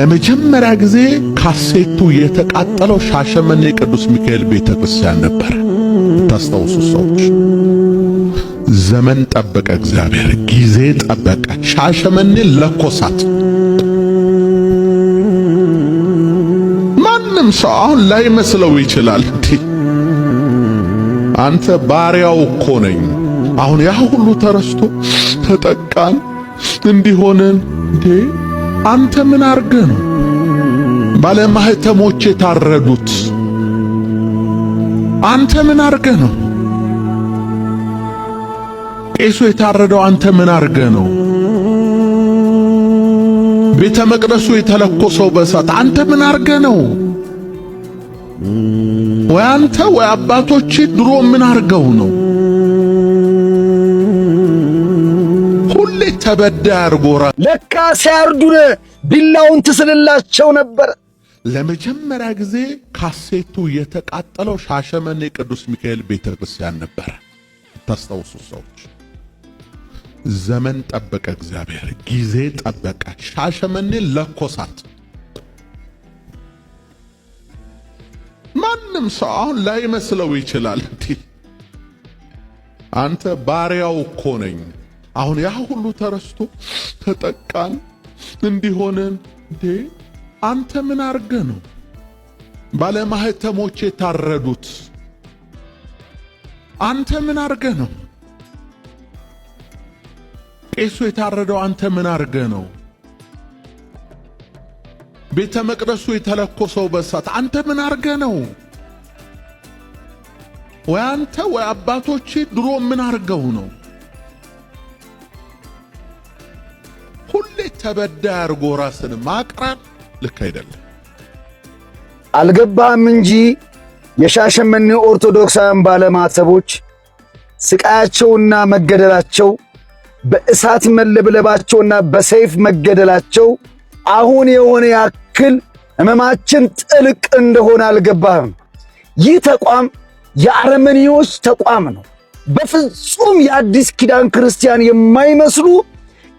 ለመጀመሪያ ጊዜ ካሴቱ የተቃጠለው ሻሸመኔ ቅዱስ ሚካኤል ቤተ ክርስቲያን ነበር። ታስታውሱ ሰዎች፣ ዘመን ጠበቀ፣ እግዚአብሔር ጊዜ ጠበቀ። ሻሸመኔ ለኮሳት። ማንም ሰው አሁን ላይመስለው ይችላል። አንተ ባሪያው እኮ ነኝ። አሁን ያ ሁሉ ተረስቶ ተጠቃን እንዲሆንን እንዴ አንተ ምን አርገ ነው ባለማህተሞች የታረዱት? አንተ ምን አርገ ነው ቄሱ የታረደው? አንተ ምን አርገ ነው ቤተ መቅደሱ የተለኮሰው በእሳት? አንተ ምን አርገ ነው ወይ አንተ ወይ አባቶች ድሮ ምን አርገው ነው? ዳር ጎራ ለካ ሲያርዱን ቢላውን ትስልላቸው ነበር። ለመጀመሪያ ጊዜ ካሴቱ የተቃጠለው ሻሸመኔ ቅዱስ ሚካኤል ቤተ ክርስቲያን ነበረ። ታስታውሱ ሰዎች፣ ዘመን ጠበቀ እግዚአብሔር፣ ጊዜ ጠበቀ። ሻሸመኔ ለኮሳት። ማንም ሰው አሁን ላይመስለው ይችላል። አንተ ባሪያው እኮ ነኝ አሁን ያ ሁሉ ተረስቶ ተጠቃን እንዲሆንን እንዴ አንተ ምን አርገ ነው ባለማህተሞች የታረዱት? አንተ ምን አርገ ነው ቄሱ የታረደው? አንተ ምን አርገ ነው ቤተ መቅደሱ የተለኮሰው በሳት አንተ ምን አርገ ነው? ወይ አንተ ወይ አባቶች ድሮ ምን አርገው ነው? ከበድ አድርጎ ራስን ማቅረብ ልክ አይደለም። አልገባህም እንጂ የሻሸመኔ ኦርቶዶክሳውያን ባለማተቦች ስቃያቸውና መገደላቸው በእሳት መለብለባቸውና በሰይፍ መገደላቸው አሁን የሆነ ያክል ህመማችን ጥልቅ እንደሆነ አልገባህም። ይህ ተቋም የአረመኔዎች ተቋም ነው። በፍጹም የአዲስ ኪዳን ክርስቲያን የማይመስሉ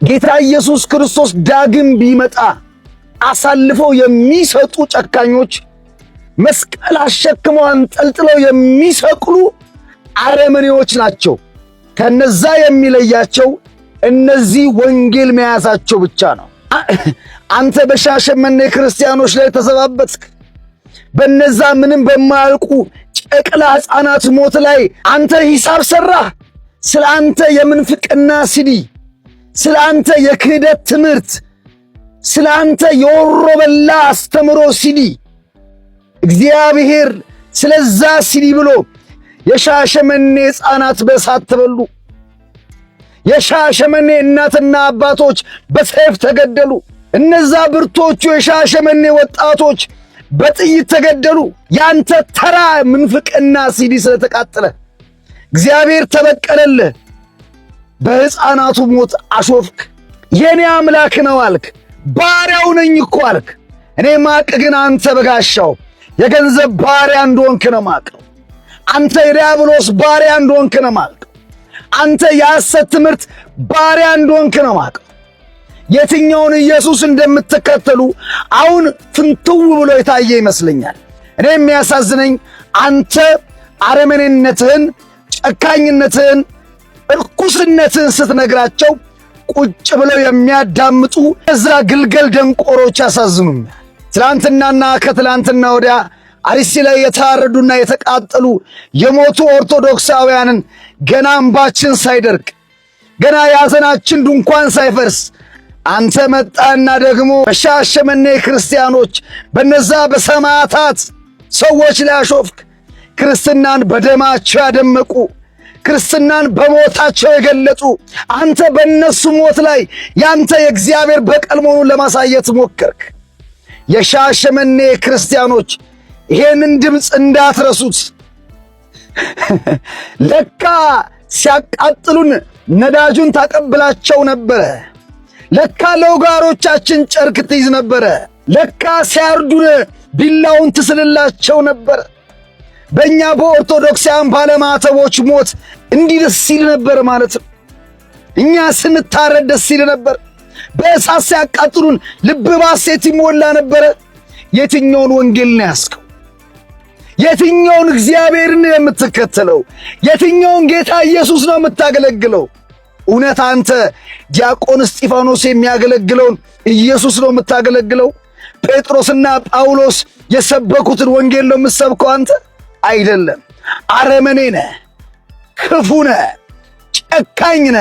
ጌታ ኢየሱስ ክርስቶስ ዳግም ቢመጣ አሳልፈው የሚሰጡ ጨካኞች፣ መስቀል አሸክመው አንጠልጥለው የሚሰቅሉ አረመኔዎች ናቸው። ከነዛ የሚለያቸው እነዚህ ወንጌል መያዛቸው ብቻ ነው። አንተ በሻሸመኔ ክርስቲያኖች ላይ ተዘባበትክ። በነዛ ምንም በማያልቁ ጨቅላ ሕፃናት ሞት ላይ አንተ ሂሳብ ሰራህ። ስለ አንተ የምንፍቅና ሲዲ ስለ አንተ የክህደት ትምህርት፣ ስለ አንተ በላ አስተምሮ ሲዲ እግዚአብሔር ስለዛ ሲዲ ብሎ የሻሸመኔ ሕፃናት በእሳት ተበሉ። የሻሸመኔ እናትና አባቶች በሰይፍ ተገደሉ። እነዛ ብርቶቹ የሻሸመኔ ወጣቶች በጥይት ተገደሉ። ያንተ ተራ ምንፍቅና ሲዲ ስለተቃጠለ እግዚአብሔር ተበቀለልህ። በሕፃናቱ ሞት አሾፍክ። የኔ አምላክ ነው አልክ። ባሪያው ነኝ እኮ አልክ። እኔ ማቅ ግን አንተ በጋሻው የገንዘብ ባሪያ እንደሆንክ ነው ማቅ። አንተ የዲያብሎስ ባሪያ እንደሆንክ ነው ማቅ። አንተ የሐሰት ትምህርት ባሪያ እንደሆንክ ነው ማቅ። የትኛውን ኢየሱስ እንደምትከተሉ አሁን ፍንትው ብሎ የታየ ይመስለኛል። እኔ የሚያሳዝነኝ አንተ አረመኔነትህን፣ ጨካኝነትህን እርኩስነትን ስትነግራቸው ቁጭ ብለው የሚያዳምጡ እዝራ ግልገል ደንቆሮች አሳዝኑም። ትላንትናና ከትላንትና ወዲያ አርሲ ላይ የታረዱና የተቃጠሉ የሞቱ ኦርቶዶክሳውያንን ገና እምባችን ሳይደርቅ ገና የሐዘናችን ድንኳን ሳይፈርስ አንተ መጣና ደግሞ በሻሸመኔ ክርስቲያኖች በነዛ በሰማዕታት ሰዎች ላይ አሾፍክ። ክርስትናን በደማቸው ያደመቁ ክርስትናን በሞታቸው የገለጡ አንተ በእነሱ ሞት ላይ ያንተ የእግዚአብሔር በቀል መሆኑን ለማሳየት ሞከርክ። የሻሸመኔ ክርስቲያኖች ይሄንን ድምፅ እንዳትረሱት። ለካ ሲያቃጥሉን ነዳጁን ታቀብላቸው ነበረ። ለካ ለውጋሮቻችን ጨርቅ ትይዝ ነበረ። ለካ ሲያርዱን ቢላውን ትስልላቸው ነበር። በእኛ በኦርቶዶክሳውያን ባለማተቦች ሞት እንዲህ ደስ ሲል ነበር ማለት ነው። እኛ ስንታረድ ደስ ሲል ነበር። በእሳት ሲያቃጥሉን ልብ ባሴት ይሞላ ነበረ። የትኛውን ወንጌል ነው ያስከው? የትኛውን እግዚአብሔርን የምትከተለው? የትኛውን ጌታ ኢየሱስ ነው የምታገለግለው? እውነት አንተ ዲያቆን እስጢፋኖስ የሚያገለግለውን ኢየሱስ ነው የምታገለግለው? ጴጥሮስና ጳውሎስ የሰበኩትን ወንጌል ነው የምትሰብከው አንተ? አይደለም። አረመኔ ነ ክፉ ነ፣ ጨካኝ ነ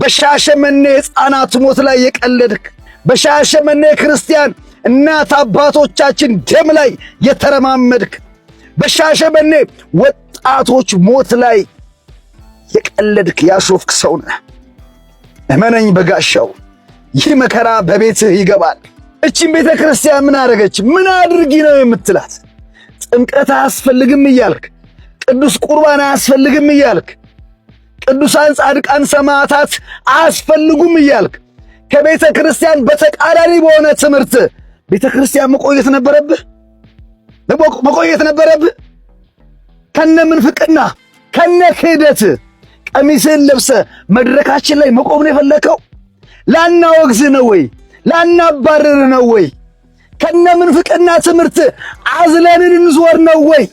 በሻሸመኔ ሕፃናት ሞት ላይ የቀለድክ በሻሸመኔ ክርስቲያን እናት አባቶቻችን ደም ላይ የተረማመድክ በሻሸመኔ ወጣቶች ሞት ላይ የቀለድክ ያሾፍክ ሰው ነ እመነኝ በጋሻው፣ ይህ መከራ በቤትህ ይገባል። እቺን ቤተ ክርስቲያን ምን አደረገች? ምን አድርጊ ነው የምትላት? ጥምቀት አያስፈልግም እያልክ ቅዱስ ቁርባን አያስፈልግም እያልክ ቅዱሳን ጻድቃን ሰማዕታት አያስፈልጉም እያልክ ከቤተ ክርስቲያን በተቃራኒ በሆነ ትምህርት ቤተ ክርስቲያን መቆየት ነበረብህ መቆየት ነበረብህ። ከነ ምንፍቅና ከነ ክህደት ቀሚስህን ለብሰ መድረካችን ላይ መቆም ነው የፈለከው? ላናወግዝህ ነው ወይ? ላናባርርህ ነው ወይ? ከነ ምንፍቅና ትምህርት አዝለንን እንዞር ነው ወይ?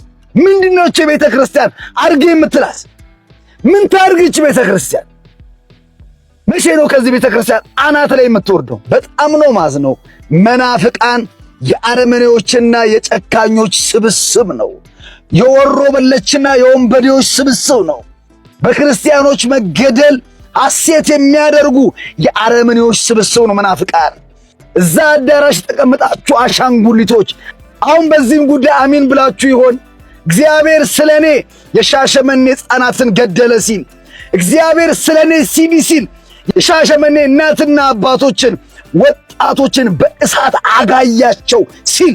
ምንድነች ቤተ ክርስቲያን አርጌ የምትላት? ምን ታርግች ቤተ ክርስቲያን? መቼ ነው ከዚህ ቤተ ክርስቲያን አናት ላይ የምትወርደው? በጣም ነው ማዝ ነው። መናፍቃን የአረመኔዎችና የጨካኞች ስብስብ ነው። የወሮ በለችና የወንበዴዎች ስብስብ ነው። በክርስቲያኖች መገደል ሐሴት የሚያደርጉ የአረመኔዎች ስብስብ ነው መናፍቃን። እዛ አዳራሽ ተቀምጣችሁ አሻንጉሊቶች፣ አሁን በዚህም ጉዳይ አሚን ብላችሁ ይሆን? እግዚአብሔር ስለ እኔ የሻሸመኔ ሕፃናትን ገደለ ሲል እግዚአብሔር ስለ እኔ ሲል የሻሸመኔ እናትና አባቶችን ወጣቶችን በእሳት አጋያቸው ሲል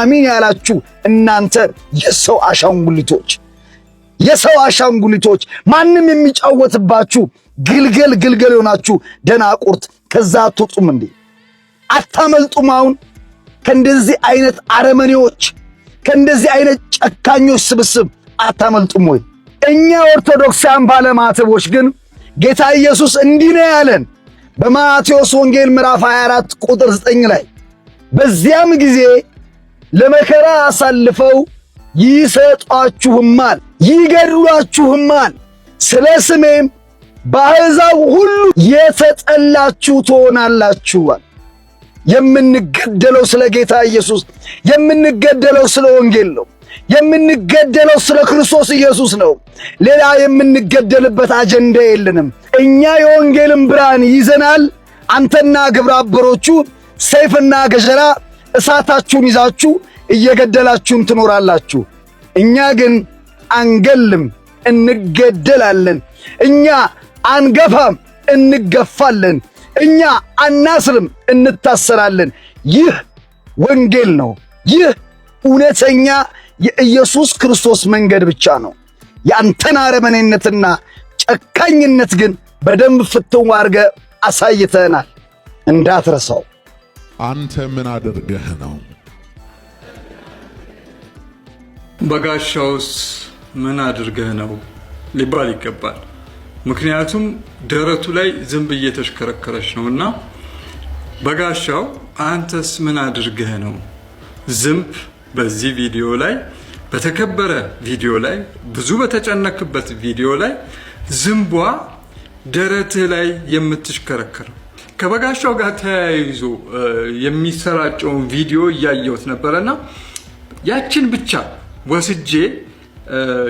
አሚን ያላችሁ እናንተ የሰው አሻንጉሊቶች የሰው አሻንጉሊቶች ማንም የሚጫወትባችሁ ግልገል ግልገል የሆናችሁ ደናቁርት ከዛ አትወጡም እንዴ? አታመልጡም። አሁን ከእንደዚህ አይነት አረመኔዎች፣ ከእንደዚህ አይነት ጨካኞች ስብስብ አታመልጡም ወይ? እኛ ኦርቶዶክሳን ባለማተቦች ግን ጌታ ኢየሱስ እንዲህ ነው ያለን በማቴዎስ ወንጌል ምዕራፍ 24 ቁጥር 9 ላይ በዚያም ጊዜ ለመከራ አሳልፈው ይሰጧችሁማል፣ ይገድሏችሁማል፣ ስለ ስሜም በአሕዛብ ሁሉ የተጠላችሁ ትሆናላችኋል። የምንገደለው ስለ ጌታ ኢየሱስ፣ የምንገደለው ስለ ወንጌል ነው። የምንገደለው ስለ ክርስቶስ ኢየሱስ ነው። ሌላ የምንገደልበት አጀንዳ የለንም። እኛ የወንጌልን ብርሃን ይዘናል። አንተና ግብረ አበሮቹ ሰይፍና ገጀራ እሳታችሁን ይዛችሁ እየገደላችሁን ትኖራላችሁ። እኛ ግን አንገልም፣ እንገደላለን። እኛ አንገፋም፣ እንገፋለን። እኛ አናስርም፣ እንታሰራለን። ይህ ወንጌል ነው። ይህ እውነተኛ የኢየሱስ ክርስቶስ መንገድ ብቻ ነው። የአንተን አረመኔነትና ጨካኝነት ግን በደንብ ፍትው አድርገ አሳይተናል። እንዳትረሳው። አንተ ምን አድርገህ ነው? በጋሻውስ ምን አድርገህ ነው ሊባል ይገባል። ምክንያቱም ደረቱ ላይ ዝንብ እየተሽከረከረች ነው እና በጋሻው አንተስ ምን አድርገህ ነው ዝንብ በዚህ ቪዲዮ ላይ በተከበረ ቪዲዮ ላይ ብዙ በተጨነክበት ቪዲዮ ላይ ዝንቧ ደረትህ ላይ የምትሽከረከረው? ከበጋሻው ጋር ተያይዞ የሚሰራጨውን ቪዲዮ እያየሁት ነበረና ያችን ብቻ ወስጄ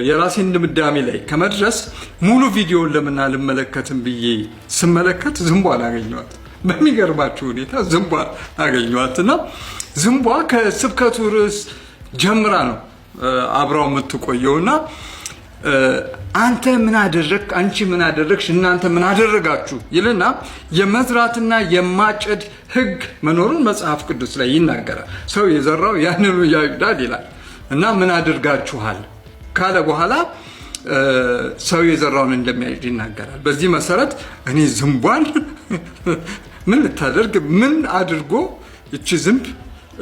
የራሴን ድምዳሜ ላይ ከመድረስ ሙሉ ቪዲዮን ለምን አልመለከትም ብዬ ስመለከት ዝንቧ አገኘኋት። በሚገርማችሁ ሁኔታ ዝንቧ አገኘኋት እና ዝንቧ ከስብከቱ ርዕስ ጀምራ ነው አብራው እና አንተ ምን አደረግ፣ አንቺ ምን አደረግሽ፣ እናንተ ምን አደረጋችሁ ይልና የመዝራትና የማጨድ ህግ መኖሩን መጽሐፍ ቅዱስ ላይ ይናገራል። ሰው የዘራው ያንኑ ያጭዳል ይላል እና ምን አድርጋችኋል ካለ በኋላ ሰው የዘራውን እንደሚያጭድ ይናገራል። በዚህ መሰረት እኔ ዝንቧን ምን ልታደርግ ምን አድርጎ እቺ ዝንብ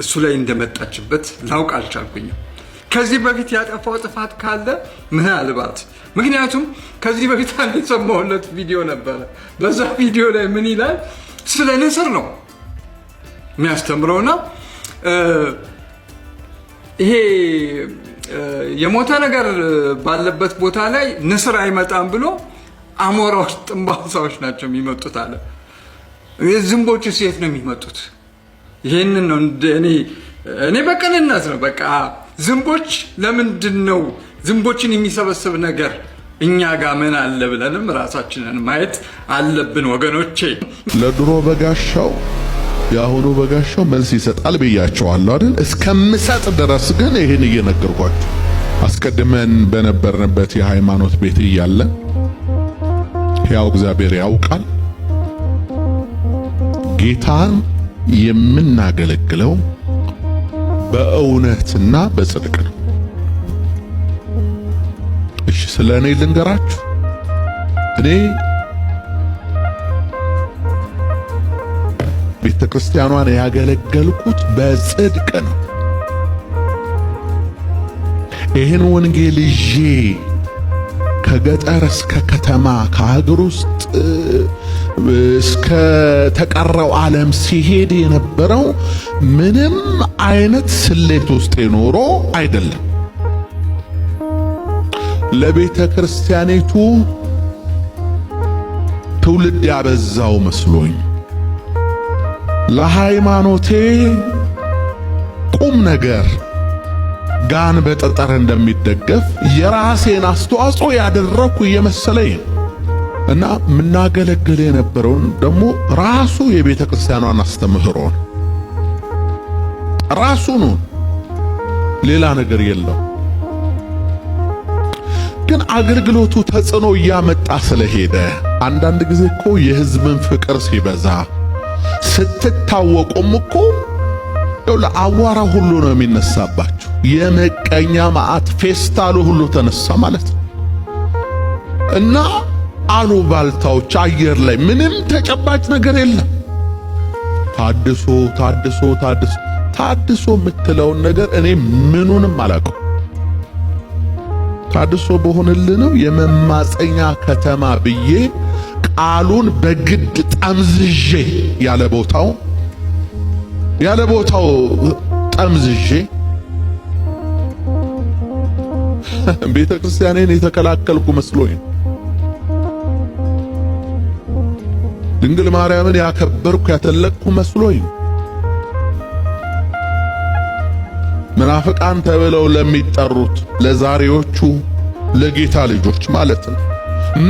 እሱ ላይ እንደመጣችበት ላውቅ አልቻልኩኝም። ከዚህ በፊት ያጠፋው ጥፋት ካለ ምናልባት ምክንያቱም ከዚህ በፊት አንድ የሰማሁለት ቪዲዮ ነበረ። በዛ ቪዲዮ ላይ ምን ይላል? ስለ ንስር ነው የሚያስተምረውና ይሄ የሞተ ነገር ባለበት ቦታ ላይ ንስር አይመጣም ብሎ አሞራዎች፣ ጥንባሳዎች ናቸው የሚመጡት አለ። ዝንቦቹ ሴት ነው የሚመጡት። ይህንን ነው እኔ እኔ በቅንነት ነው በቃ ዝንቦች ለምንድን ነው ዝንቦችን የሚሰበስብ ነገር እኛ ጋ ምን አለ ብለንም ራሳችንን ማየት አለብን ወገኖቼ። ለድሮ በጋሻው የአሁኑ በጋሻው መልስ ይሰጣል ብያቸዋለሁ አይደል? እስከምሰጥ ድረስ ግን ይህን እየነገርኳችሁ አስቀድመን በነበርንበት የሃይማኖት ቤት እያለን ያው እግዚአብሔር ያውቃል ጌታን የምናገለግለው በእውነትና በጽድቅ ነው። እሺ ስለ እኔ ልንገራችሁ እኔ ቤተ ክርስቲያኗን ያገለገልኩት በጽድቅ ነው። ይህን ወንጌል ይዤ ከገጠር እስከ ከተማ ከሀገር ውስጥ እስከ ተቀረው ዓለም ሲሄድ የነበረው ምንም አይነት ስሌት ውስጥ የኖሮ አይደለም። ለቤተ ክርስቲያኒቱ ትውልድ ያበዛው መስሎኝ ለሃይማኖቴ ቁም ነገር ጋን በጠጠር እንደሚደገፍ የራሴን አስተዋጽኦ ያደረኩ እየመሰለኝ እና ምናገለግል የነበረውን ደግሞ ራሱ የቤተ ክርስቲያኗን አስተምህሮን ራሱኑ ሌላ ነገር የለው። ግን አገልግሎቱ ተጽዕኖ እያመጣ ስለሄደ አንዳንድ ጊዜ እኮ የህዝብን ፍቅር ሲበዛ ስትታወቁም እኮ ለአቧራ ሁሉ ነው የሚነሳባችሁ። የመቀኛ ማዕት ፌስታሉ ሁሉ ተነሳ ማለት ነው እና አሉባልታዎች አየር ላይ ምንም ተጨባጭ ነገር የለም። ታድሶ ታድሶ ታድሶ ታድሶ የምትለውን ነገር እኔ ምኑንም አላውቀው። ታድሶ ነው የመማፀኛ ከተማ ብዬ ቃሉን በግድ ጠምዝዤ ያለ ቦታው ያለ ቦታው ጠምዝዤ ቤተ ክርስቲያኔን የተከላከልኩ መስሎኝ ድንግል ማርያምን ያከበርኩ ያተለቅኩ መስሎኝ ምናፍቃን ተብለው ለሚጠሩት ለዛሬዎቹ ለጌታ ልጆች ማለት ነው።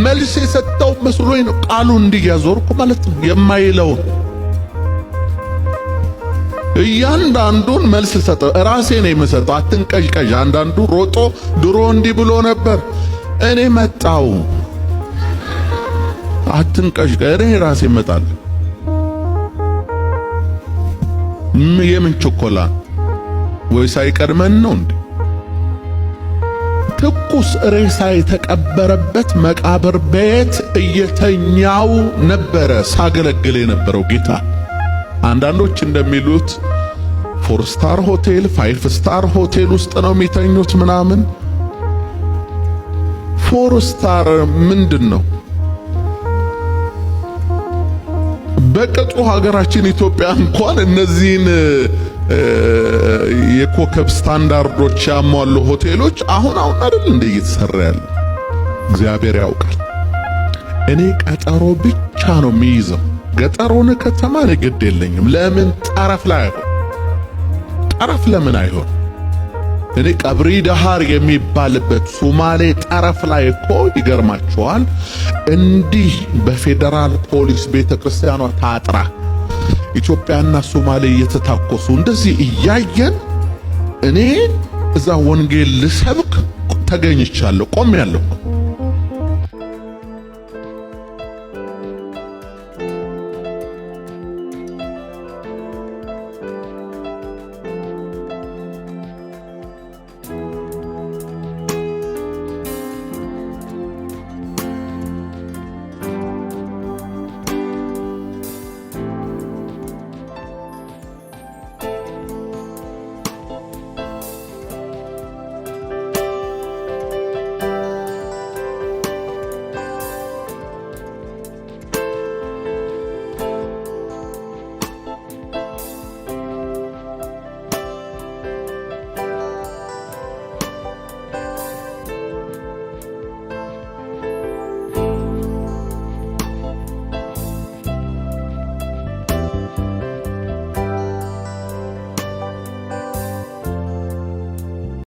መልስ የሰጠው መስሎኝ ነው። ቃሉ እንዲህ ማለት ነው የማይለውን እያንዳንዱን መልስ ሰጠ። ራሴ ነው የምሰጠው። አትንቀዥቀዥ። አንዳንዱ ሮጦ ድሮ እንዲህ ብሎ ነበር፣ እኔ መጣው። አትንቀዥቀዥ። እኔ ራሴ እመጣለሁ። የምን ችኮላ ወይ ሳይቀድመን ነው እንዴ? ትኩስ ሬሳ የተቀበረበት መቃብር ቤት እየተኛው ነበረ ሳገለግል የነበረው ጌታ። አንዳንዶች እንደሚሉት ፎር ስታር ሆቴል፣ ፋይፍ ስታር ሆቴል ውስጥ ነው የሚተኙት ምናምን። ፎር ስታር ምንድን ነው? በቅጡ ሀገራችን ኢትዮጵያ እንኳን እነዚህን የኮከብ ስታንዳርዶች ያሟሉ ሆቴሎች አሁን አሁን አይደል እንደ እየተሰራ ያለ እግዚአብሔር ያውቃል። እኔ ቀጠሮ ብቻ ነው የሚይዘው። ገጠር ሆነ ከተማ እኔ ግድ የለኝም። ለምን ጠረፍ ላይ አይሆን ጠረፍ ለምን አይሆን? እኔ ቀብሪ ዳሃር የሚባልበት ሱማሌ ጠረፍ ላይ እኮ ይገርማቸዋል እንዲህ በፌዴራል ፖሊስ ቤተክርስቲያኗ ታጥራ ኢትዮጵያና ሶማሌ እየተታኮሱ እንደዚህ እያየን እኔ እዛ ወንጌል ልሰብክ ተገኝቻለሁ፣ ቆሜያለሁ።